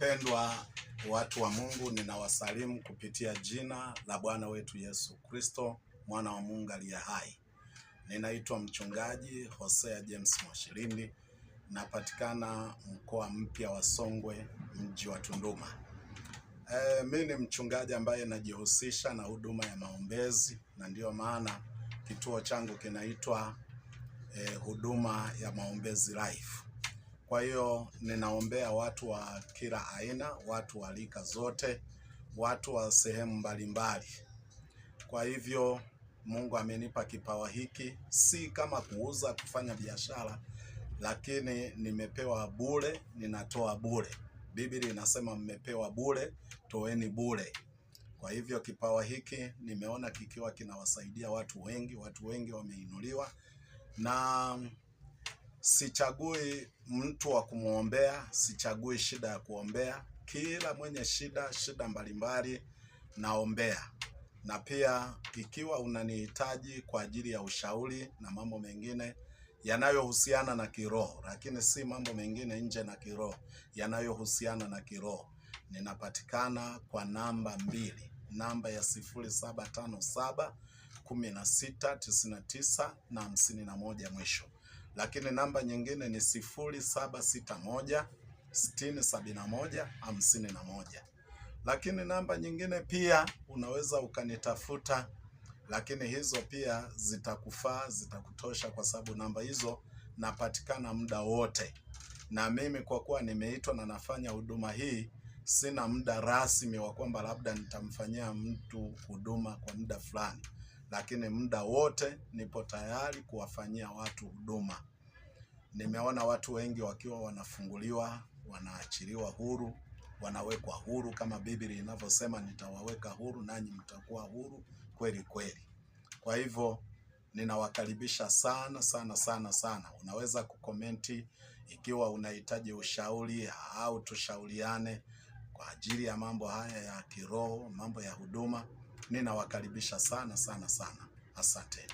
Wapendwa watu wa Mungu, ninawasalimu kupitia jina la Bwana wetu Yesu Kristo, mwana wa Mungu aliye hai. Ninaitwa mchungaji Hosea James Mwashilindi, napatikana mkoa mpya wa Songwe, mji wa Tunduma. E, mimi ni mchungaji ambaye najihusisha na huduma ya maombezi na ndiyo maana kituo changu kinaitwa e, huduma ya maombezi life kwa hiyo ninaombea watu wa kila aina, watu wa rika zote, watu wa sehemu mbalimbali. Kwa hivyo Mungu amenipa kipawa hiki, si kama kuuza, kufanya biashara, lakini nimepewa bure, ninatoa bure. Biblia inasema mmepewa bure, toeni bure. Kwa hivyo kipawa hiki nimeona kikiwa kinawasaidia watu wengi, watu wengi wameinuliwa na Sichagui mtu wa kumwombea, sichagui shida ya kuombea. Kila mwenye shida, shida mbalimbali, naombea. Na pia ikiwa unanihitaji kwa ajili ya ushauri na mambo mengine yanayohusiana na kiroho, lakini si mambo mengine nje na kiroho, yanayohusiana na kiroho, ninapatikana kwa namba mbili, namba ya sifuri saba tano saba kumi na sita tisini na tisa na hamsini na moja mwisho lakini namba nyingine ni sifuri saba sita moja sitini sabini na moja hamsini na moja lakini namba nyingine pia unaweza ukanitafuta, lakini hizo pia zitakufaa zitakutosha, kwa sababu namba hizo napatikana muda wote, na mimi kwa kuwa nimeitwa na nafanya huduma hii sina muda rasmi wa kwamba labda nitamfanyia mtu huduma kwa muda fulani lakini muda wote nipo tayari kuwafanyia watu huduma. Nimeona watu wengi wakiwa wanafunguliwa, wanaachiliwa huru, wanawekwa huru kama Biblia inavyosema, nitawaweka huru nanyi mtakuwa huru kweli kweli. Kwa hivyo ninawakaribisha sana sana sana sana. Unaweza kukomenti ikiwa unahitaji ushauri au tushauriane kwa ajili ya mambo haya ya kiroho, mambo ya huduma ninawakaribisha sana sana sana. Asante.